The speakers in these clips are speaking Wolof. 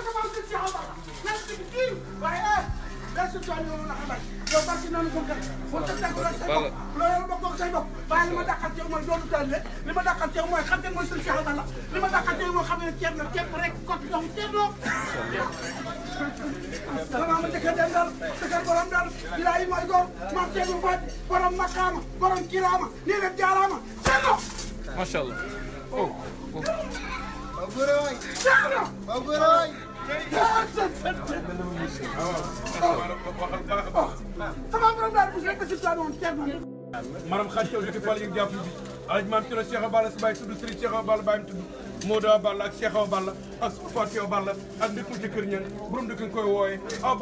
barke borom kër Cheikh Awa Balla nekk ci kii waaye eh day suñu tool yi nga mën a xamal yow barke noonu bu mu def boo sa tàggatoo say bopp loolu bokkoo say bopp waaye li ma dàqal ci yow mooy doonu tool li ma dàqal ci yow mooy xam ne mooy suñu Cheikh Awa Balla li ma dàqal ci yow mooy xam ne ceeb na ceeb rek kot ndox ceeb loo dama ma jëkkër dem daal jëkkër borom daal bilaayi mooy góor ma ceebu faat borom makaama borom kiraama nii la jaaraama seetlu macha allah oh. Bagulho! Chama! Bagulho! maanaam xaaj taw joti fal yi jàpp bi alaj maam ci la Cheikh Abala si bàyyi tudd Serigne Cheikh Abala bàyyi tudd Modou Awa Balla ak Cheikh Awa Balla ak Sow Fatou Awa Balla ak dëkk mu ci kër ñan borom dëkk nga koy wooyee Awa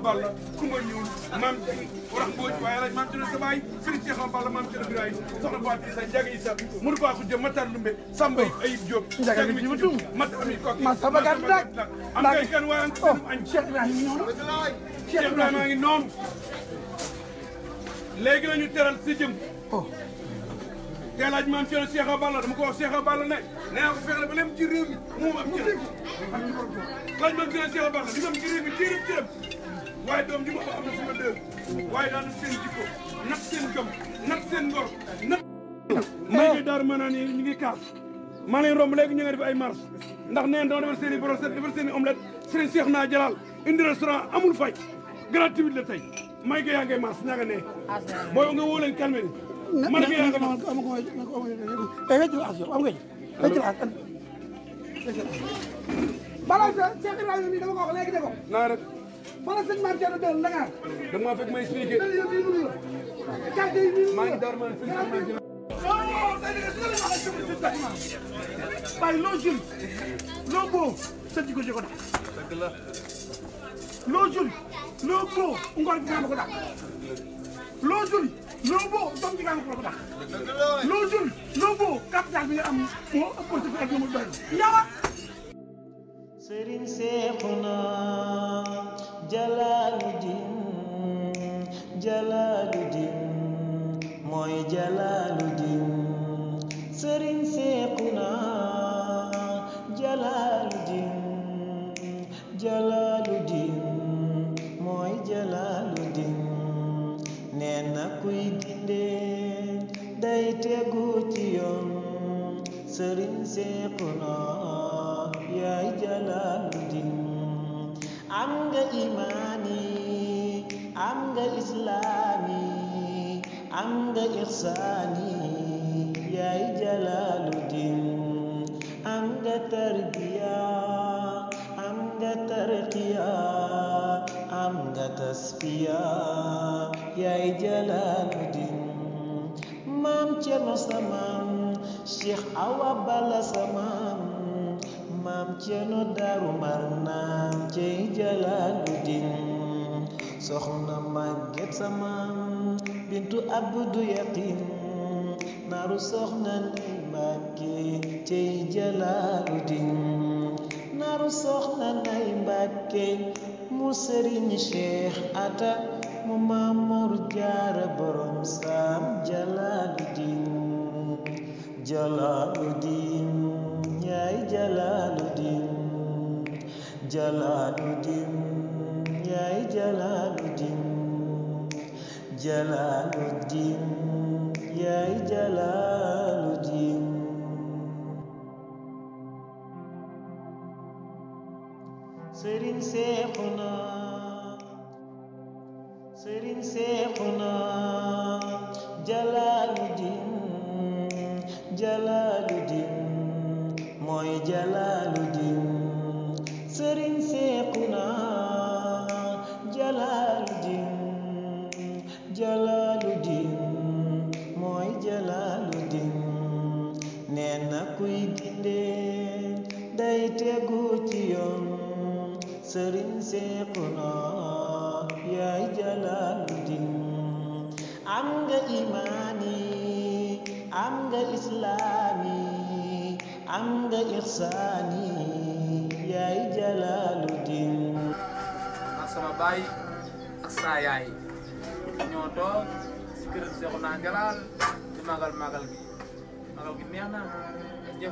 Balla rax booj waaye laaj maam Thierno sa baay Serigne Cheikh Awa Balla maam Thierno Biraay soxna Fatou Issa Ndiaga Matar Lumbe Samba oh. Ayib Diop Ndiaga mi ñu tum mat ami ko ma sama gàtt dak am kay kan waaye ak oh. añ Cheikh Ibrahima ñu teral si te laaj maam Thierno Cheikh Aballa dama ko wax Cheikh Aballa ne nee ko fexe ba lépp ci réew mi moom am cër laaj maam Thierno Cheikh Aballa mu am ci réew mi cërëm cërëm waaye doom ji ma ko am na ma dëgg waaye daal nag seen jikko nag seen gëm nag seen ngor nag oh. may ngi daar naa ni ñu ngi kaas maa ngi romb léegi ñu ay marche ndax ne dama defal seen i brochette defal naa Jalal indi restaurant amul fay gratuit la tey may nga yaa ngay marche ñaa nga ne ah, booy nga man fii laa doon am ko am bala Cheikh Ibrahima mi dama de ko naa nga fekk may expliqué maa ngi bay loo jël loo boo sa jikko ko dak dëgg la loo jël loo boo ngor bi ko dak loo jël loo boo doom ji gàllankoor ba tax. loo jël loo boo capital bi nga am moo ëpp ko ci ak lu mu doy la. Serigne sequna ya jalaaluddin am nga imaani am nga islaami am nga ihsaani yaay jalaaluddin am nga tarbiya am nga tarqiya am nga tasfiya yaay jalaaluddin maam cerno sa Cheikh Awa Balla sama maam Ceerno Daaru Marnaan cey Jalaaluddin soxna Maget sama bintu Abdu Yaqin naaru soxna Ndey Mbàkke cey Jalaaluddin naaru soxna Ndey Mbàkke mu sëriñ Cheikh Ata mu Maam Mor Jaara borom saam Jalaaluddin Jalaluddin Nyai Jalaluddin Jalaluddin Nyai Jalaluddin Jalaluddin Nyai Jalaluddin Serin Syekhuna Serin Syekhuna Jalaluddin Jalaaluddin mooy Jalaaluddin sëriñ Seexuna Jalaaluddin Jalaaluddin mooy Jalaaluddin nee na kuy gindee day tegu ci yoon yaay Jalaaluddin am am nga islaami am nga ixsaani yaay jalaaluddin man sama baay ak saa yaay ñoo toog si kër Seexuna Jalaal di magal magal gi